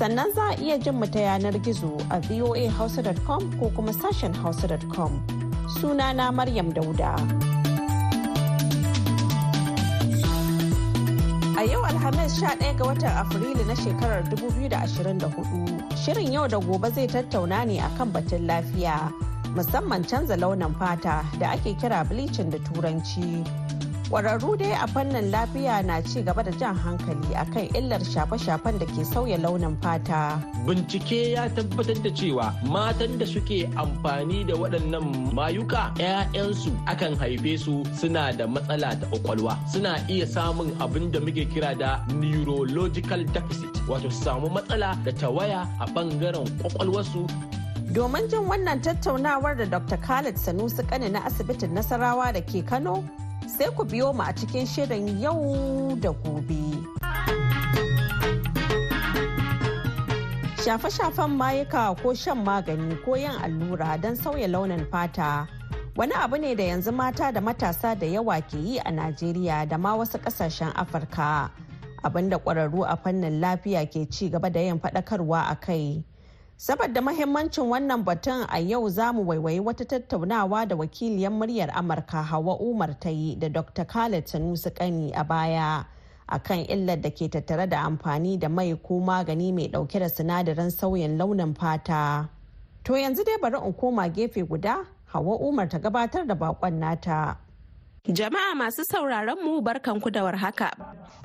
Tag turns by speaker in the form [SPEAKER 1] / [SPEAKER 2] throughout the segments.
[SPEAKER 1] sannan za a iya jin mu ta yanar gizo a voahausa.com ko kuma sashen hausa.com na maryam dauda a yau alhamis 11 ga watan afrilu na shekarar 2024 shirin yau da gobe zai tattauna ne akan batun lafiya musamman canza launin fata da ake kira bleaching da turanci Kwararru dai a fannin lafiya na ci gaba da jan hankali akan illar shafe-shafen da ke sauya launin fata.
[SPEAKER 2] Bincike ya tabbatar da cewa matan da suke amfani da waɗannan mayuka 'ya'yansu akan haife su suna da matsala ta ƙwaƙwalwa. Suna iya samun abin da muke kira da neurological deficit wato su samu matsala da tawaya a ɓangaren ƙwaƙwalwarsu
[SPEAKER 1] Domin jin wannan tattaunawar da Dr. Khalid Sanusi kane na asibitin Nasarawa da ke Kano, sai ku biyo mu a cikin shirin yau da gobe. Shafe-shafen mayuka ko shan magani ko yin allura don sauya launin fata. Wani abu ne da yanzu mata da matasa da yawa ke yi a Najeriya da ma wasu kasashen Afirka. Abinda kwararru a fannin lafiya ke ci gaba da yin faɗakarwa a kai. saboda mahimmancin wannan batun a yau za mu waiwayi wata tattaunawa da wakiliyar muryar amurka hawa umar ta yi da dr khaled sanusi kani a baya akan illar da ke tattare da amfani da mai ko magani mai ɗauke da sinadarin sauyin launin fata to yanzu dai bari in koma gefe guda hawa umar ta gabatar da bakon nata Jama'a masu sauraron mu ku da warhaka.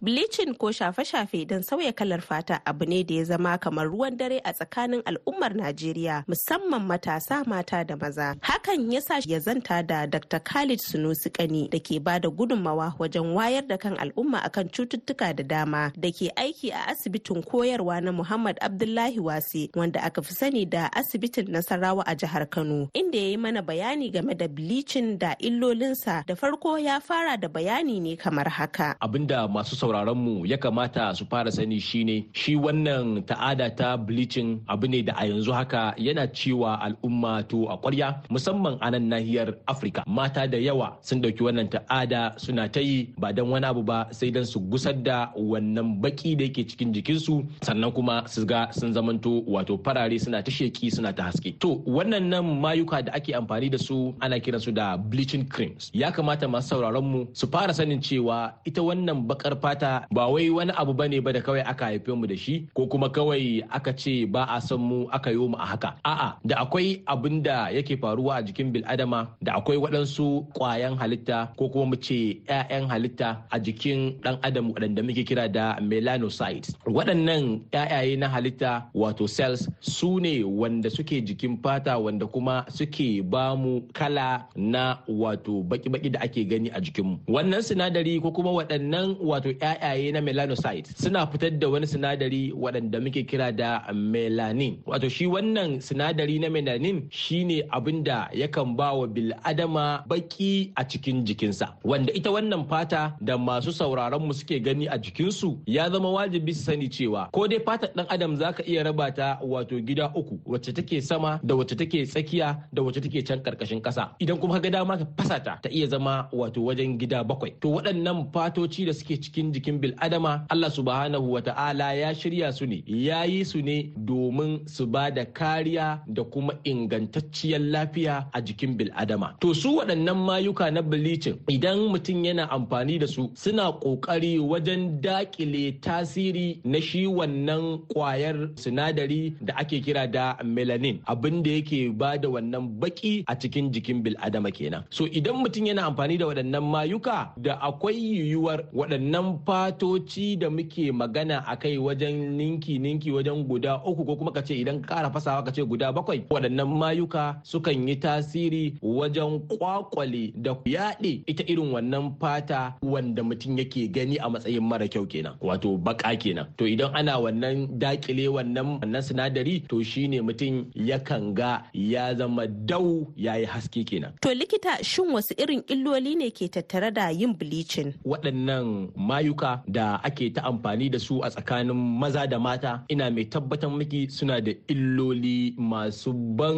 [SPEAKER 1] Bleaching ko shafe-shafe don sauya kalar fata abu ne da ya zama kamar ruwan dare a tsakanin al'ummar Najeriya musamman matasa mata da maza. Hakan ya sa ya zanta da Dr. Khalid Sunusi Kani da ke ba da gudunmawa wajen wayar da kan al'umma akan cututtuka da dama da ke aiki a asibitin koyarwa na Muhammad Abdullahi Wasi wanda aka fi sani da asibitin Nasarawa a jihar Kano inda ya yi mana bayani game da bleaching da illolinsa da farko farko ya fara da bayani ne kamar
[SPEAKER 2] haka. Abinda masu sauraron mu ya kamata su fara sani shine shi wannan ta'ada ta bleaching abu ne da a yanzu haka yana cewa al'umma to a kwarya musamman a nan nahiyar Afirka. Mata da yawa sun dauki wannan ta'ada suna ta yi ba don wani abu ba sai don su gusar da wannan baki da yake cikin jikinsu sannan kuma su ga sun zamanto wato farare suna ta sheki suna ta haske. To wannan nan mayuka da ake amfani da su ana kiransu da bleaching creams. Ya kamata masu sauraron mu su fara sanin cewa ita wannan bakar fata ba wai wani abu bane ba da kawai aka haife mu da shi ko kuma kawai aka ce ba a san mu aka yi mu a haka a'a da akwai abin da yake faruwa a jikin bil'adama da akwai waɗansu ƙwayan halitta ko kuma mu ce 'ya'yan halitta a jikin ɗan adam waɗanda muke kira da melanocytes waɗannan 'ya'yaye na halitta wato cells su ne wanda suke jikin fata wanda kuma suke ba mu kala na wato baki-baki da ake gani a jikinmu wannan sinadari ko kuma waɗannan wato ƴaƴaye na melanocyte suna fitar da wani sinadari waɗanda muke kira da melanin wato shi wannan sinadari na melanin shine abin da yakan ba wa bil'adama baki a cikin jikinsa wanda ita wannan fata da masu sauraron mu suke gani a jikinsu ya zama wajibi su sani cewa ko dai fatar ɗan adam zaka iya raba ta wato gida uku wacce take sama da wacce take tsakiya da wacce take can karkashin ƙasa idan kuma ka ga dama ka fasa ta ta iya zama wato wajen gida bakwai to waɗannan fatoci da suke cikin jikin bil adama Allah subhanahu wa ta'ala ya shirya su ne ya yi su ne domin su ba da kariya da kuma ingantacciyar lafiya a jikin bil adama to su waɗannan mayuka na bilicin idan mutum yana amfani da su suna ƙoƙari wajen daƙile tasiri na shi wannan ƙwayar sinadari da ake kira da melanin abin da yake ba da wannan baki a cikin jikin bil adama kenan so idan mutum yana amfani da da waɗannan mayuka da akwai yiwuwar waɗannan fatoci da muke magana a kai wajen ninki ninki wajen guda uku ko kuma kace idan ƙara fasawa kace guda bakwai waɗannan mayuka sukan yi tasiri wajen kwakwale da yaɗe ita irin wannan fata wanda mutum yake gani a matsayin mara kyau kenan wato baka kenan to idan ana wannan dakile wannan wannan sinadari to shine mutum yakan ga ya zama dau yayi haske kenan
[SPEAKER 1] to likita shin wasu irin illoli ne ke tattare da yin bleaching.
[SPEAKER 2] Waɗannan mayuka da ake ta amfani da su a tsakanin maza da mata ina mai tabbatar miki suna da illoli masu ban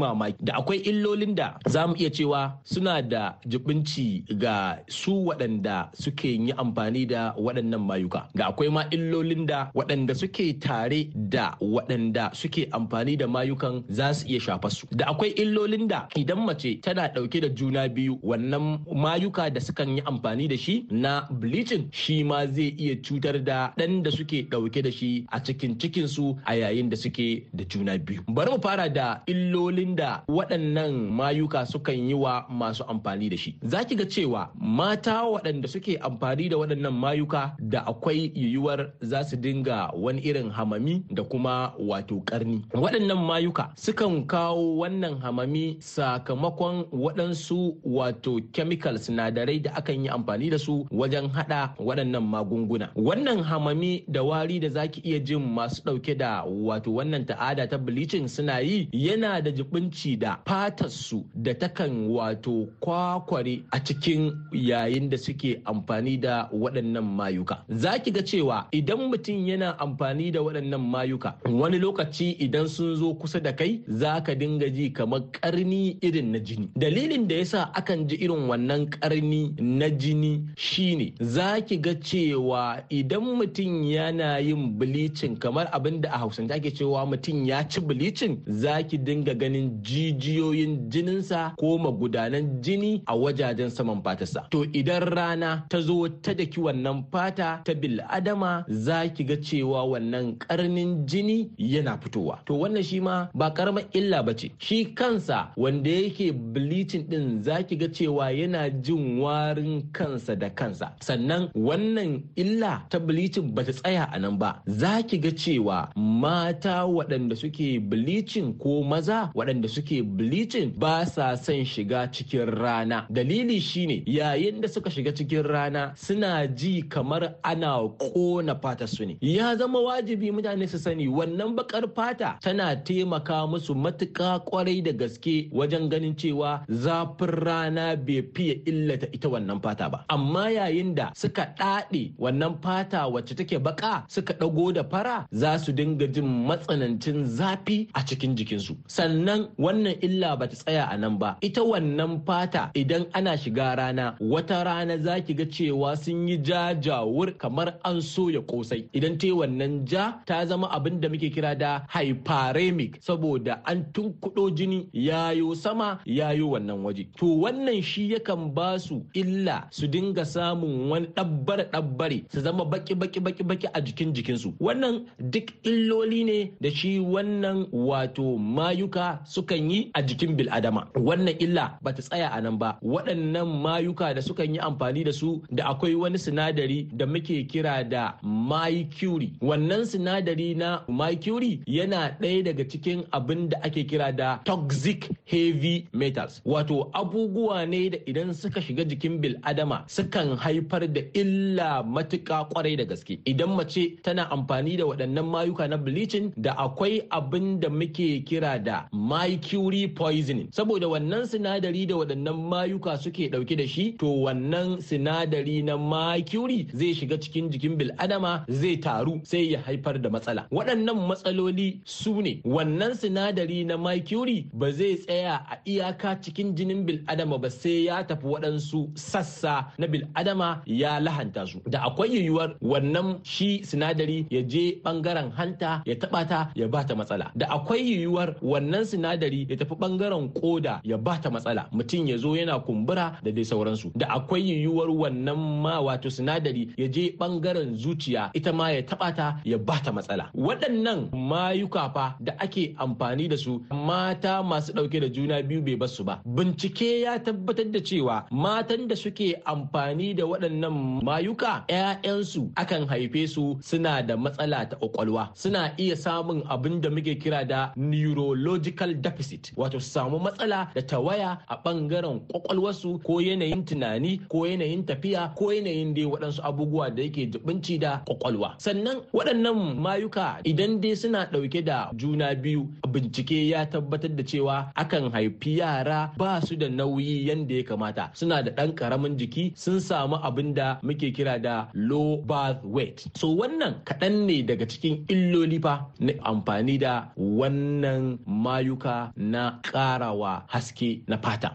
[SPEAKER 2] mamaki. Da akwai illolin da za mu iya cewa suna da jibinci ga su waɗanda suke yi amfani da waɗannan mayuka. Ga akwai ma illolin da waɗanda suke tare da waɗanda suke amfani da mayukan za su iya shafa su. Da akwai illolin da idan mace tana ɗauke da juna biyu wannan mayuka da sukan yi amfani da shi na bleaching shi ma zai iya cutar da ɗan da suke ɗauke da shi a cikin cikinsu a yayin da suke da juna biyu. Bari mu fara da illolin da waɗannan mayuka sukan yi wa masu amfani da shi. Za ki ga cewa mata waɗanda suke amfani da waɗannan mayuka da akwai yiwuwar za su dinga wani irin hamami da kuma wato ƙarni. Waɗannan mayuka sukan kawo wannan hamami sakamakon waɗansu wato kemikal. chemical sinadarai da akan yi amfani da su wajen hada waɗannan magunguna wannan hamami da wari da zaki iya jin masu ɗauke da wato wannan ta'ada ta bleaching suna yi yana da jibinci da fatar su da takan wato kwakware a cikin yayin da suke amfani da waɗannan mayuka zaki ga cewa idan mutum yana amfani da waɗannan mayuka wani lokaci idan sun zo kusa da kai za ka dinga ji kamar karni irin na jini dalilin da yasa akan ji irin wannan wannan karni na jini shine za ki ga cewa idan mutum yana yin bilicin kamar abin da a hausance ake cewa mutum ya ci bilicin za ki dinga ganin jijiyoyin jininsa ko magudanan jini a wajajen saman fatarsa to idan rana ta zo ta daki wannan fata ta bil adama za ki ga cewa wannan karnin jini yana fitowa to wannan shi ma ba karamar illa ba ce shi kansa wanda yake bilicin din za ki ga cewa yana yana jin warin kansa da kansa sannan wannan illa ta bleaching ta tsaya a nan ba za ki ga cewa mata waɗanda suke bleaching ko maza waɗanda suke bleaching ba sa son shiga cikin rana dalili shine yayin da suka shiga cikin rana suna ji kamar ana kona fata su ne ya zama wajibi mutane su sani wannan bakar fata tana taimaka musu matuƙa kwarai da gaske wajen ganin cewa zafin rana bai fi tafi ya illata ita wannan fata ba amma yayin da suka ɗaɗe wannan fata wacce take baka suka ɗago da fara za su dinga jin matsanancin zafi a cikin jikinsu sannan wannan illa ba ta tsaya a nan ba ita wannan fata idan ana shiga rana wata rana za ki ga cewa sun yi ja-jawur kamar an soya kosai idan ta wannan ja ta zama abin da muke kira da hyperemic saboda an tunkuɗo jini yayo sama yayo wannan waje to wannan shi yaka yakan ba su illa su dinga samun wani ɗabbare ɗabbare su zama baki baki baki baki a jikin jikinsu wannan duk illoli ne da shi wannan wato mayuka sukan yi a jikin bil'adama wannan illa ba ta tsaya a nan ba waɗannan mayuka da sukan yi amfani da su da akwai wani sinadari da muke kira da mercury wannan sinadari na mercury yana ɗaya daga cikin abin da ake kira da toxic heavy metals wato abubuwa ne da idan idan suka shiga jikin bil adama sukan haifar da illa matuka kwarai da gaske idan mace tana amfani da waɗannan mayuka na bleaching da akwai abin da muke kira da mercury poisoning saboda wannan sinadari da waɗannan mayuka suke ɗauke da shi to wannan sinadari na mercury zai shiga cikin jikin bil adama zai taru sai ya haifar da matsala waɗannan matsaloli su ne wannan sinadari na mercury ba zai tsaya a iyaka cikin jinin bil adama ba sai ya tafi waɗansu sassa na bil'adama ya lahanta su da akwai yiwuwar wannan shi sinadari ya je ɓangaren hanta ya taɓa ta ya ta matsala da akwai yiwuwar wannan sinadari ya tafi ɓangaren koda ya ba ta matsala mutum ya zo yana kumbura da dai sauransu da akwai yiwuwar wannan ma wato sinadari ya je ɓangaren zuciya ita ma ya taɓa ta ya ta matsala waɗannan mayuka fa da ake amfani da su mata masu ɗauke da juna biyu bai basu ba bincike ya tabbatar da cewa cewa matan da suke amfani da waɗannan mayuka 'ya'yansu akan haife su suna da matsala ta ƙwaƙwalwa suna iya samun abin da muke kira da neurological deficit wato su samu matsala da tawaya a ɓangaren ƙwaƙwalwarsu ko yanayin tunani ko yanayin tafiya ko yanayin dai waɗansu abubuwa da yake jibinci da ƙwaƙwalwa sannan waɗannan mayuka idan dai suna ɗauke da juna biyu bincike ya tabbatar da cewa akan haifi yara ba su da nauyi yadda ya kamata bukata suna da ɗan ƙaramin jiki sun samu abin da muke kira da low birth weight so wannan kaɗan ne daga cikin illoli fa na amfani da wannan mayuka na ƙarawa haske na fata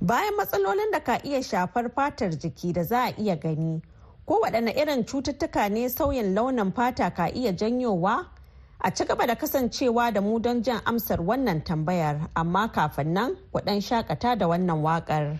[SPEAKER 1] bayan matsalolin da ka iya shafar fatar jiki da za a iya gani ko waɗanne irin cututtuka ne sauyin launin fata ka iya janyowa a ci gaba da kasancewa da mu don jan amsar wannan tambayar amma kafin nan ku ɗan shakata da wannan waƙar.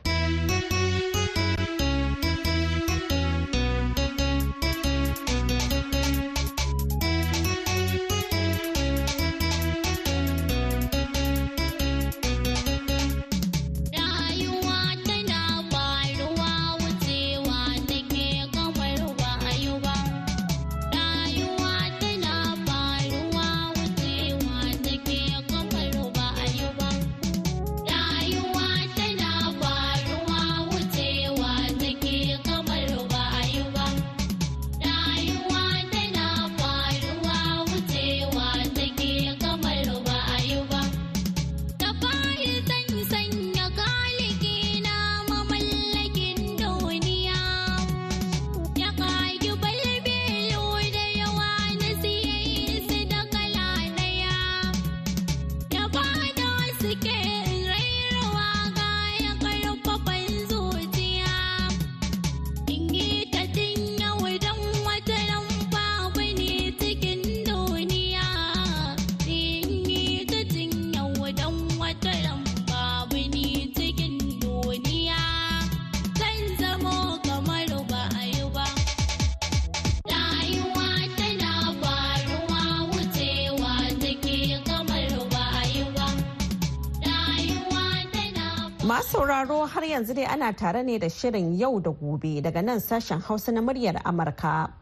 [SPEAKER 1] sauraro har yanzu dai ana tare ne da shirin yau da gobe daga nan sashen hausa na muryar Amurka.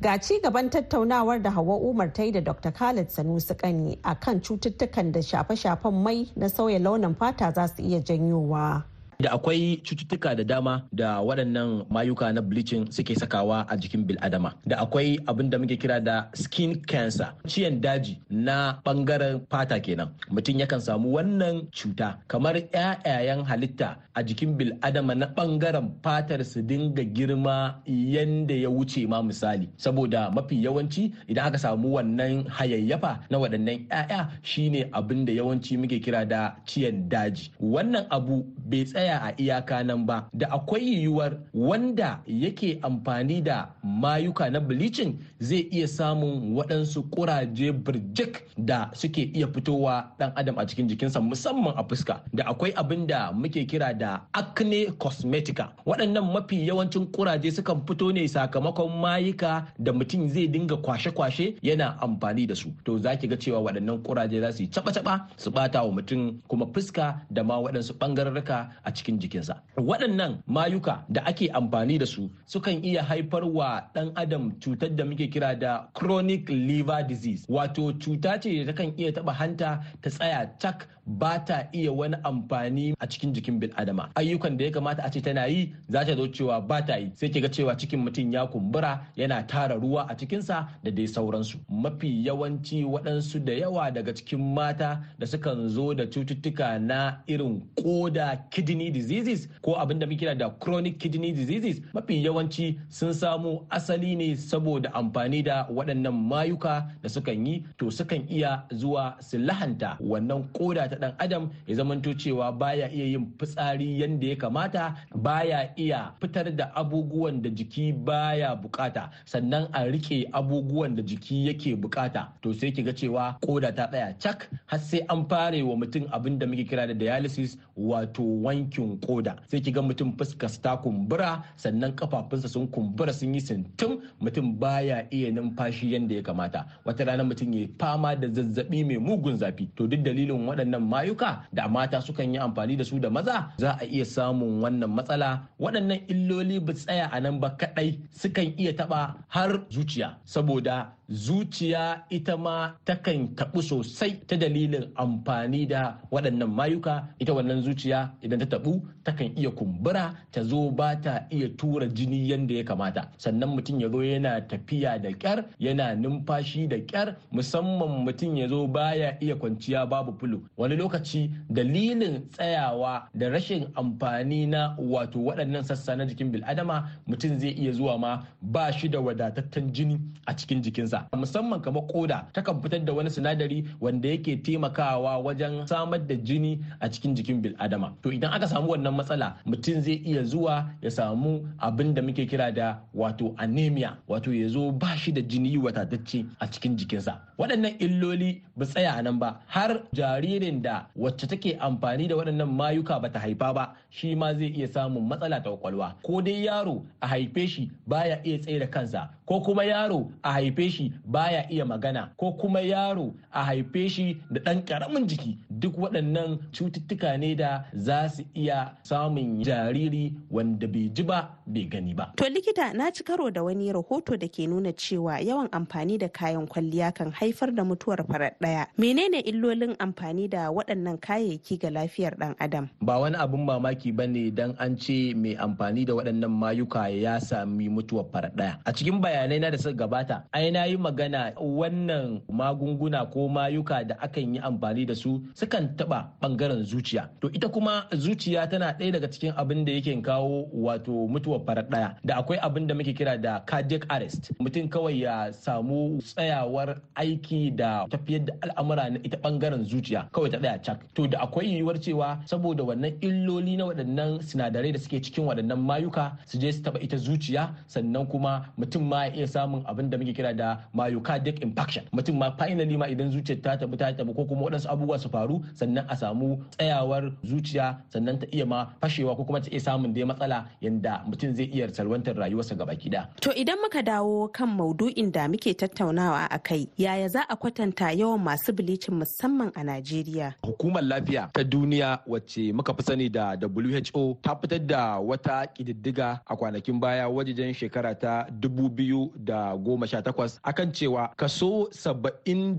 [SPEAKER 1] Ga ci gaban tattaunawar da Hawa Umar ta yi da Dr. Khalid Sanusi Kani a kan cututtukan da shafe-shafen mai na sauya launin fata za su iya janyowa.
[SPEAKER 2] da akwai cututtuka da dama da waɗannan mayuka na bleaching suke sakawa a jikin bil'adama da akwai abin da muke kira da skin cancer ciyan daji na ɓangaren fata kenan mutum yakan samu wannan cuta kamar 'ya'yayan halitta a jikin bil'adama na bangaren fatar su dinga girma yanda ya wuce ma misali saboda mafi yawanci idan aka samu wannan hayayyafa na waɗannan 'ya'ya shine abin da yawanci muke kira da ciyan daji wannan abu bai tsaya a iyaka nan ba da akwai yiwuwar wanda yake amfani da mayuka na bleaching zai iya samun waɗansu kuraje birjik da suke iya fitowa ɗan adam a cikin jikinsa musamman a fuska da akwai abin da muke kira da da acne cosmetica waɗannan mafi yawancin kuraje sukan fito ne sakamakon mayuka da mutum zai dinga kwashe-kwashe yana amfani da su to za ki ga cewa waɗannan kuraje za su yi caba-caba su bata wa mutum kuma fuska da ma waɗansu ɓangararraka a cikin jikinsa waɗannan mayuka da ake amfani da su sukan iya haifar wa ɗan adam cutar da muke kira da chronic liver disease wato cuta ce da takan iya taɓa hanta ta tsaya tak ba ta iya wani amfani a cikin jikin bil adama ayyukan da ya kamata a ce tana yi za ta zo cewa ba ta yi sai ke ga cewa cikin mutum ya kumbura yana tara ruwa a cikinsa da dai sauransu mafi yawanci waɗansu da yawa daga cikin mata da sukan zo da cututtuka na irin koda kidney diseases ko abin da muke kira da chronic kidney diseases mafi yawanci sun samu asali ne saboda amfani da waɗannan mayuka da sukan yi to sukan iya zuwa su lahanta wannan koda ta dan adam ya zamanto cewa baya iya yin fitsari yadda ya kamata baya iya fitar da abubuwan da jiki baya bukata sannan a rike abubuwan da jiki yake bukata to sai ki ga cewa koda ta tsaya cak har sai an fare wa mutum abin da muke kira da dialysis wato wankin koda sai ki ga mutum fuska ta kumbura sannan kafafunsa sun kumbura sun yi sintim mutum baya iya numfashi yadda ya kamata wata rana mutum ya fama da zazzabi mai mugun zafi to duk dalilin waɗannan mayuka da mata sukan yi amfani da su da maza za a iya samun wannan matsala waɗannan illoli ba tsaya a nan ba kaɗai sukan iya taɓa har zuciya saboda zuciya ita ma takan taɓu sosai ta dalilin amfani da waɗannan mayuka ita wannan zuciya idan ta taɓu takan iya kumbura ta zo ba ta iya tura jini yadda ya kamata sannan mutum ya zo yana tafiya da ƙyar yana numfashi da ƙyar musamman mutum ya zo baya iya kwanciya babu fulo wani lokaci dalilin tsayawa da rashin amfani na wato waɗannan sassa na jikin bil'adama mutum zai iya zuwa ma ba shi da wadataccen jini a cikin jikinsa jikinsa musamman kamar koda takan fitar da wani sinadari wanda yake taimakawa wajen samar da jini a cikin jikin bil'adama to idan aka samu wannan matsala mutum zai iya zuwa ya samu abin da muke kira da wato anemia wato ya zo ba shi da jini wadatacce a cikin jikinsa waɗannan illoli ba tsaya nan ba har jaririn da wacce take amfani da waɗannan mayuka ba ta haifa ba shi ma zai iya samun matsala ta kwakwalwa ko dai yaro a haife shi baya iya tsaye da kansa ko kuma yaro a haife shi baya iya magana ko kuma yaro a haife shi da ɗan ƙaramin jiki duk waɗannan cututtuka ne da za su iya samun jariri wanda bai ji ba bai gani ba.
[SPEAKER 1] To likita na ci karo da wani rahoto da ke nuna cewa yawan amfani da kayan kwalliya kan haifar da mutuwar farat ɗaya. Menene illolin amfani da waɗannan kayayyaki ga lafiyar ɗan adam?
[SPEAKER 2] Ba wani abun mamaki ba ne don an ce mai amfani da waɗannan mayuka ya sami mutuwar farat ɗaya. A cikin bayanai na da suka gabata, ai na yi magana wannan magunguna ko mayuka da akan yi amfani da su sukan taba bangaren zuciya to ita kuma zuciya tana ɗaya daga cikin abin da yake kawo wato mutuwar farar ɗaya da akwai abin da muke kira da cardiac arrest mutum kawai ya samu tsayawar aiki da tafiyar da al'amura na ita bangaren zuciya kawai ta tsaya cak to da akwai yiwuwar cewa saboda wannan illoli na waɗannan sinadarai da suke cikin waɗannan mayuka su je su taba ita zuciya sannan kuma mutum ma ya iya samun abin da muke kira da myocardic infarction mutum ma finally ma idan zuciyar ta tabu ta tabu ko kuma waɗansu abubuwa su faru sannan a samu tsayawar zuciya sannan ta iya ma fashewa ko kuma ta iya samun dai matsala yanda mutum zai iya salwantar rayuwarsa gaba gida.
[SPEAKER 1] To idan muka dawo kan maudu'in da muke tattaunawa a kai yaya za a kwatanta yawan masu bilicin musamman a Najeriya?
[SPEAKER 2] Hukumar lafiya ta duniya wacce muka fi sani da WHO ta fitar da wata kididdiga a kwanakin baya wajejen shekara ta 2018 akan cewa kaso 77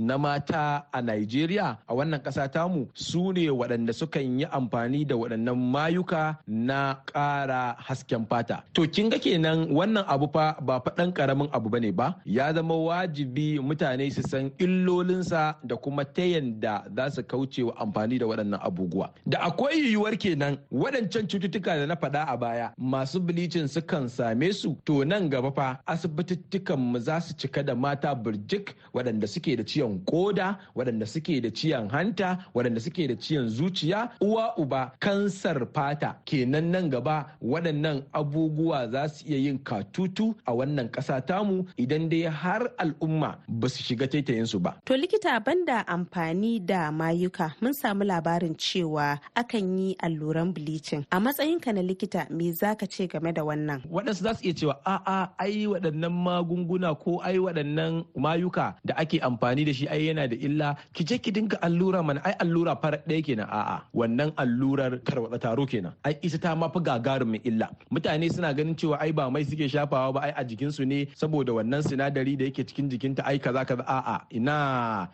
[SPEAKER 2] na mata a Najeriya a wannan ƙasa tamu su ne waɗanda sukan yi amfani da waɗannan mayuka na ƙara hasken fata. To kin ga kenan wannan abu fa ba faɗan ƙaramin abu bane ba ya zama wajibi mutane su san illolinsa da kuma ta yanda za su kauce wa amfani da waɗannan abubuwa. Da akwai yiwuwar kenan waɗancan cututtuka da na faɗa a baya masu bilicin sukan same su to nan gaba fa asibitittukan mu za za su cika da mata birjik waɗanda suke da ciyan koda waɗanda suke da ciyan hanta waɗanda suke da ciyan zuciya uwa uba kansar fata kenan nan gaba waɗannan abubuwa za su iya yin katutu a wannan ƙasa tamu idan dai har al'umma ba su shiga taitayinsu ba.
[SPEAKER 1] To likita banda amfani da mayuka mun samu labarin cewa akan yi alluran bleaching a matsayinka na likita me za ka ce game da wannan?
[SPEAKER 2] Waɗansu za su iya cewa a'a ai waɗannan magunguna ko ko ai waɗannan mayuka da ake amfani da shi ai yana da illa ki je ki dinga allura mana ai allura farar ɗaya kenan a'a wannan allurar karwatsa taro kenan ai ita ta mafi gagarumin illa mutane suna ganin cewa ai ba mai suke shafawa ba ai a jikin su ne saboda wannan sinadari da yake cikin jikinta ai kaza kaza a'a ina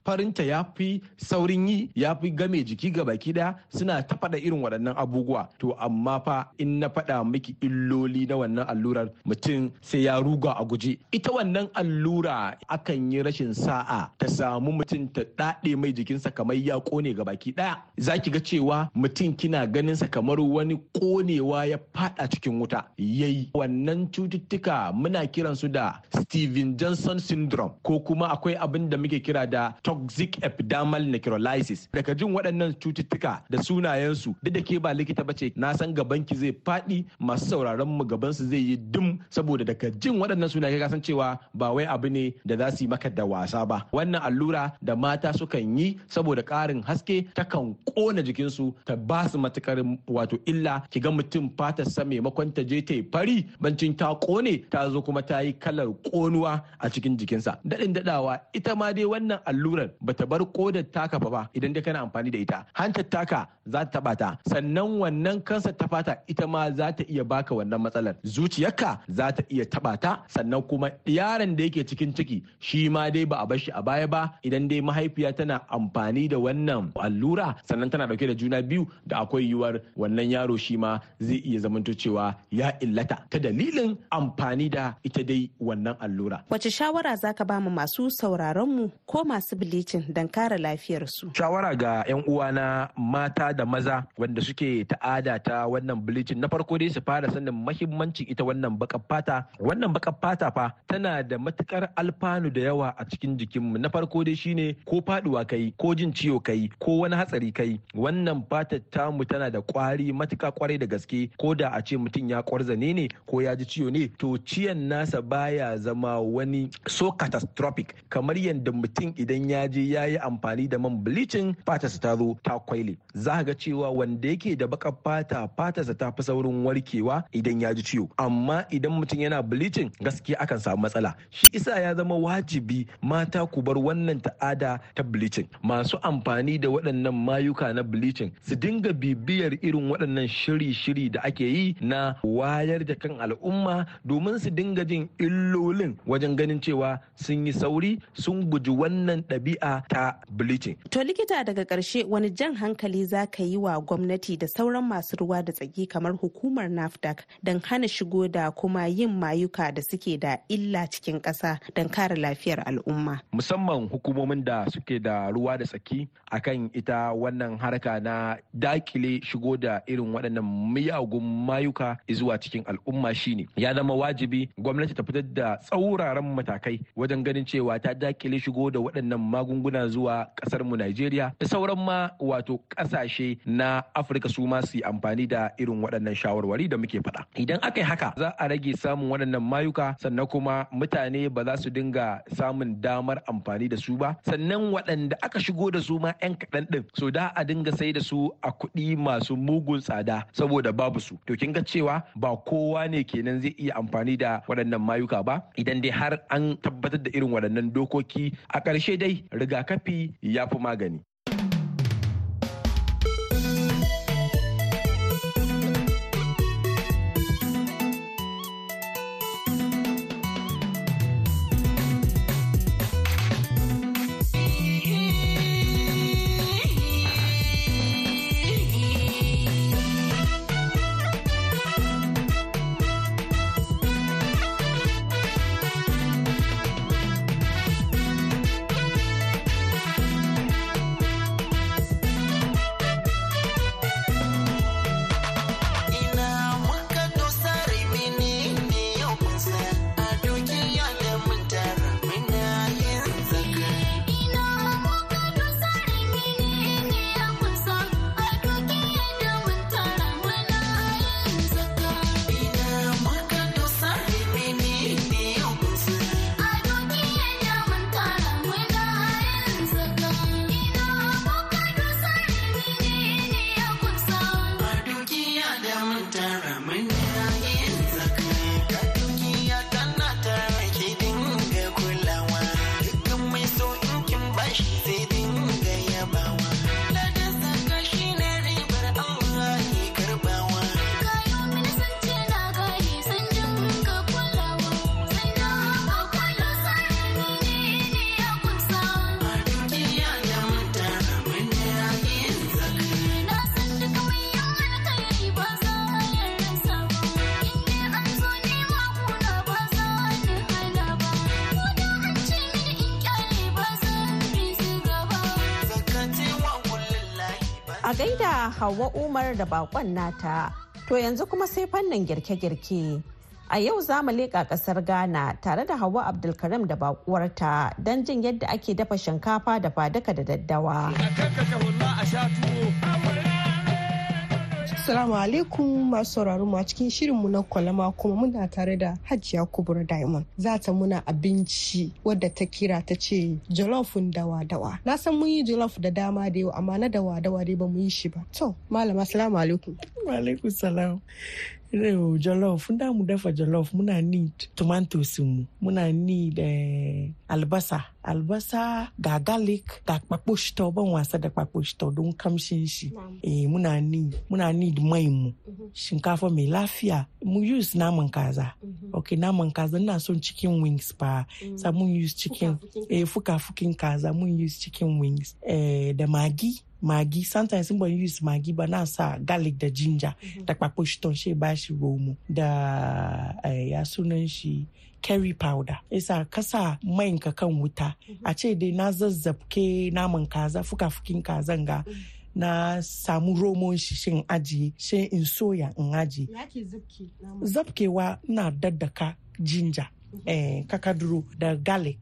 [SPEAKER 2] farinta ya fi saurin yi ya fi game jiki ga baki suna ta faɗa irin waɗannan abubuwa to amma fa in na faɗa miki illoli na wannan allurar mutum sai ya ruga a guje ita wannan allura akan yi rashin sa'a ta samu mutum ta daɗe mai jikinsa kamar ya kone ga baki ɗaya za ki ga cewa mutum kina ganin sa kamar wani konewa ya fada cikin wuta yayi wannan cututtuka muna kiran su da Steven Johnson syndrome ko kuma akwai abin da muke kira da toxic epidermal necrolysis daga jin waɗannan cututtuka da sunayensu duk da ke ba likita bace na san gaban ki zai faɗi masu sauraron mu gaban su zai yi dum saboda daga jin waɗannan sunaye ka san cewa ba wai abu ne da za su yi maka da wasa ba wannan allura da mata sukan yi saboda ƙarin haske ta kan ƙona jikinsu ta ba su matukar wato illa ki ga mutum fatar sa maimakon ta je ta yi fari bancin ta ƙone ta zo kuma ta yi kalar ƙonuwa a cikin jikinsa daɗin daɗawa ita ma dai wannan allurar ba ta bar ƙodar taka ba idan dai kana amfani da ita hantar taka za ta taɓa ta sannan wannan kansa ta fata ita ma za ta iya baka wannan matsalar zuciyarka za ta iya taɓa ta sannan kuma yaron da da yake cikin ciki shi ma dai ba a bar shi a baya ba idan dai mahaifiya tana amfani da wannan allura sannan tana dauke da juna biyu da akwai yiwuwar wannan yaro shi ma zai iya zamanto cewa ya illata ta dalilin amfani da ita dai wannan allura.
[SPEAKER 1] Wace shawara zaka ba mu masu sauraron mu ko masu bilicin don kare lafiyarsu?
[SPEAKER 2] Shawara ga 'yan uwa na mata da maza wanda suke ta'ada ta wannan bilicin na farko dai su fara sanin mahimmancin ita wannan baƙar fata. Wannan baƙar fata fa tana da matukar alfanu da yawa a cikin jikinmu na farko dai shine ko faduwa kai ko jin ciwo kai ko wani hatsari kai wannan fatar mu tana da kwari matuka kwarai da gaske ko da a ce mutum ya kwarzane ne ko ya ji ciwo ne to ciyan nasa baya zama wani so catastrophic kamar yadda mutum idan ya je ya yi amfani da man bleaching fatarsa ta zo ta kwaile za ga cewa wanda yake da bakar fata fatarsa ta fi saurin warkewa idan ya ji ciwo amma idan mutum yana bleaching gaskiya akan samu matsala shi isa ya zama wajibi mata ku bar wannan ta'ada ta bleaching masu amfani da waɗannan mayuka na bleaching su dinga bibiyar irin waɗannan shiri-shiri da ake yi na wayar da kan al'umma domin su dinga jin illolin wajen ganin cewa sun yi sauri sun guji wannan ɗabi'a ta bleaching.
[SPEAKER 1] To likita daga ƙarshe wani jan hankali za ka yi wa gwamnati da sauran masu ruwa da tsaki kamar hukumar NAFDAC don hana shigo da kuma yin mayuka da suke da illa cikin ƙasa don kare lafiyar
[SPEAKER 2] al'umma. Musamman hukumomin da suke da ruwa da tsaki akan ita wannan harka na dakile shigo da irin waɗannan miyagun mayuka zuwa cikin al'umma shine ya zama wajibi gwamnati ta fitar da tsauraran matakai wajen ganin cewa ta dakile shigo da waɗannan magunguna zuwa ƙasar mu Najeriya da sauran ma wato ƙasashe na Afirka su ma su amfani da irin waɗannan shawarwari da muke faɗa. Idan aka yi haka za a rage samun waɗannan mayuka sannan kuma mutane mutane ba za su dinga samun damar amfani da su ba sannan waɗanda aka shigo da su ma 'yan kaɗan ɗin so da a dinga sai da su a kuɗi masu mugun tsada saboda babu su to kin ga cewa ba kowa ne kenan zai iya amfani da waɗannan mayuka ba idan dai har an tabbatar da irin waɗannan dokoki a ƙarshe dai rigakafi ya fi magani
[SPEAKER 1] Hauwa Umar da bakon nata. To yanzu kuma sai fannin girke-girke. A yau za mu leƙa ƙasar Ghana tare da Hauwa Abdulkarim da bakuwarta don jin yadda ake dafa shinkafa da fadaka da daddawa. Assalamu alaikum masu sauraro mu a cikin shirinmu na kwalama kuma muna tare da Hajiya Kubura Diamond. Za ta muna abinci wadda ta kira ta ce jolofin dawa-dawa. Na san mun yi jolof da dama da yau amma na dawa-dawa dai ba mu
[SPEAKER 3] yi shi ba. To, malama assalamu alaikum. Wa alaikum salam. Yau jollof, da mu dafa jollof muna need tomatoes mu, muna need albasa. albasa ga garlic ga kpakpo shito ban wasa da kpakpo shito don kamshin shi eh muna ni muna ni mai mu mhm. shinkafa mai lafiya mu use naman kaza mhm. okay naman kaza ina son chicken wings pa mm. sa mun use chicken eh fuka fukin kaza mun use chicken wings eh da magi magi sometimes in use magi ba na sa garlic da ginger mhm. da kpakpo shito she ba shi romo da eh, ya sunan shi curry powder isa kasa main ka kan wuta mhm. a ce dai na zazzabke naman kaza fuka-fukin kazan ga mm. na samu romon shi aji shin in soya in aji zabkewa na daddaka jinja eh, kakaduro da garlic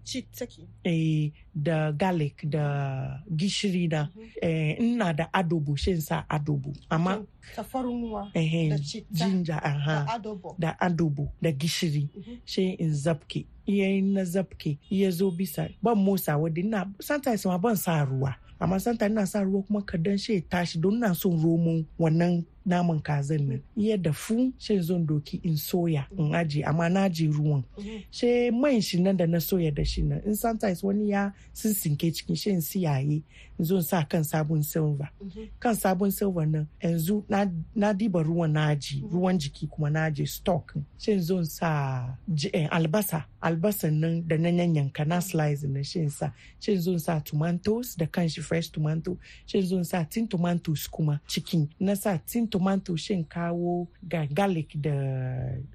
[SPEAKER 3] eh, da garlic da gishiri na mhm. eh, ina da adobo shi sa adobo amma tafarnuwa eh, da jinja aha, da adobo da adobo da gishiri shi -hmm. shin in zabke iya na zabke iya zo bisa ban mosa wadda na sometimes ma ban sa ruwa amma santa ina sa ruwa kuma kadan shi tashi don na son romo wannan naman kazan nan iya fu sai zon doki in soya in aji amma na ji ruwan sai man shi nan da na soya da shi nan in sometimes wani ya sinsinke cikin shi in siyaye in zo sa kan sabon silver kan sabon silver nan yanzu na diba ruwan na aji, ruwan jiki kuma na naji stock sai zo sa eh, albasa albasa nan da na yanyanka na slice na shi sa shi zo sa tomatoes da kanshi fresh tomato shi zo sa tin tomatoes kuma cikin na sa tin tomato shin kawo ga garlic da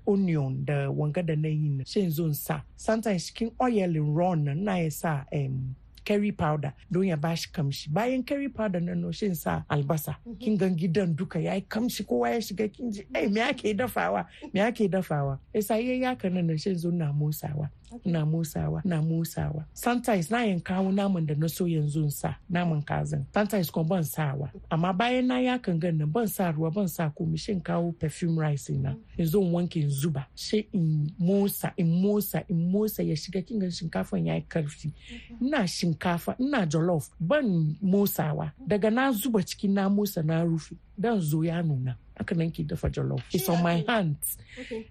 [SPEAKER 3] onion da wanga da na yi shin zo sa sometimes cikin oil run na ya sa curry powder don ya ba shi kamshi bayan curry powder na shin sa albasa mhm. kin gan gidan duka ya yi. kamshi kowa ya shiga kin ji eh me ake dafawa me ake dafawa yasa yi yaka nan shin zo na musawa na musawa na musawa sometimes na yin kawo naman da na so yanzu sa naman kazan sometimes kuma ban sawa amma bayan na ya kan gan nan ban sa ruwa ban sa komi shin kawo perfume rice na mm. yanzu in wanke in zuba shi in musa in musa in musa ya shiga kin ga shinkafan yayi karfi mm-hmm. ina shinkafa ina jollof ban musawa daga na zuba cikin na musa na rufe dan zo ya nuna aka nan ki dafa jollof it's on my hands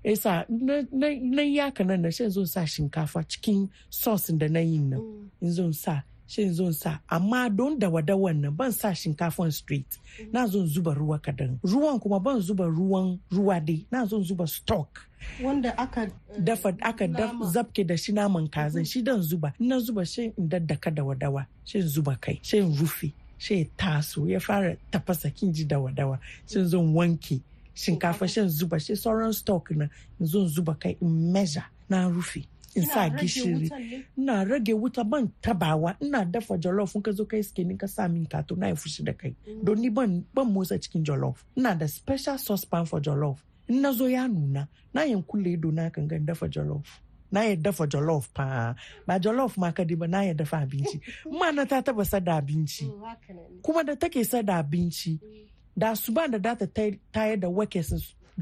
[SPEAKER 3] a na yaka nan na shin zo sa shinkafa cikin sauce da na yin nan mm. in zo sa shin zo sa amma don da wada wannan ban sa shinkafan straight mm. na zo zuba ruwa kadan ruwan kuma ban zuba ruwan ruwa dai na zo zuba stock wanda aka eh, dafa aka zabke da shi naman kazan mm-hmm. shi dan zuba na zuba shi in daddaka da wadawa shi zuba kai shi rufe sai taso ya fara tafasa kinji dawa-dawa sun zan wanke shinkafa shan zuba shi sauran stock na zan zuba kai in measure na rufe in sa gishiri ina rage wuta ban tabawa ina dafa jollof in ka zo kai skin ka sa min kato na ya fushi da kai mm. don ni ban ban motsa cikin jollof ina da special saucepan for jollof in na zo ya nuna na yan ido na kan ga dafa jollof na yadda fa jollof fa ba jollof ma ka ba na yadda fa abinci mana ta taba sada abinci mm, kuma da take sada abinci mm. da su ba da data tayar da wakesin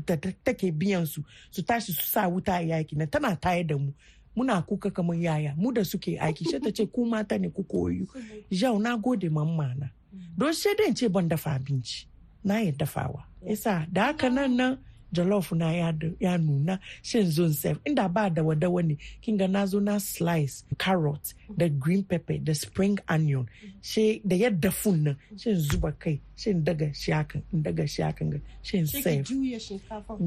[SPEAKER 3] da take biyan su su tashi su sa wuta a yaki na tana tayar da mu muna kuka kamar yaya mu da suke aiki sai ta ce ku mata ne ku koyu jau na gode mamma na mm. don sai dai ce ban dafa abinci na yadda fawa isa da haka nan nan jollof na ya nuna shin zone safe inda ba da wadawa ne kin ga nazo na slice carrot da green pepper da spring onion she da ya dafun nan shin zuba kai shin daga shi in daga shakan ga shin safe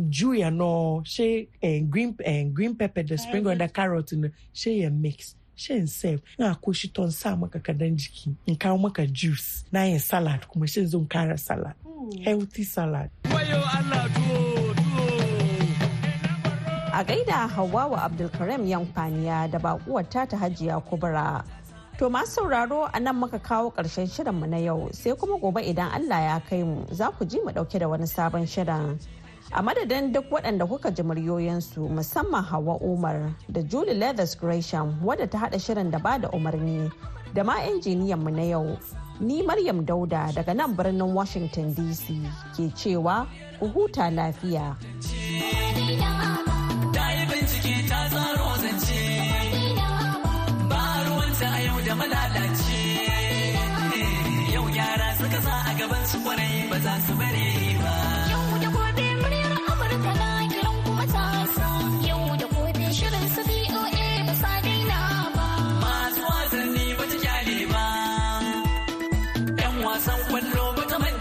[SPEAKER 3] juya no she eh, green eh, green pepper da spring onion da carrot na she ya mix shan sef na ko shi ton sa maka kadan jiki in kawo maka juice na yin salad kuma shin zon kara salad hmm. healthy salad. Wayo
[SPEAKER 1] a gaida wa Abdulkarim Yankwaniya da bakuwarta ta Hajiya Kubra. To masu sauraro a nan muka kawo ƙarshen shirinmu na yau sai kuma gobe idan Allah ya kai mu za ku ji mu ɗauke da wani sabon shirin. A madadin duk waɗanda kuka ji muryoyinsu musamman Hawa Umar da Julie Leathers Gresham wadda ta haɗa shirin da ba da umarni da ma injiniyan mu na yau. Ni Maryam Dauda daga nan birnin Washington DC ke cewa ku huta lafiya.
[SPEAKER 4] I'm so ready.